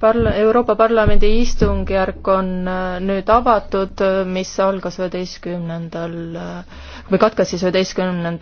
Parla-, Euroopa Parlamendi istungjärk on äh, nüüd avatud, äh, mis algas üheteistkümnendal äh, või katkas siis üheteistkümnendal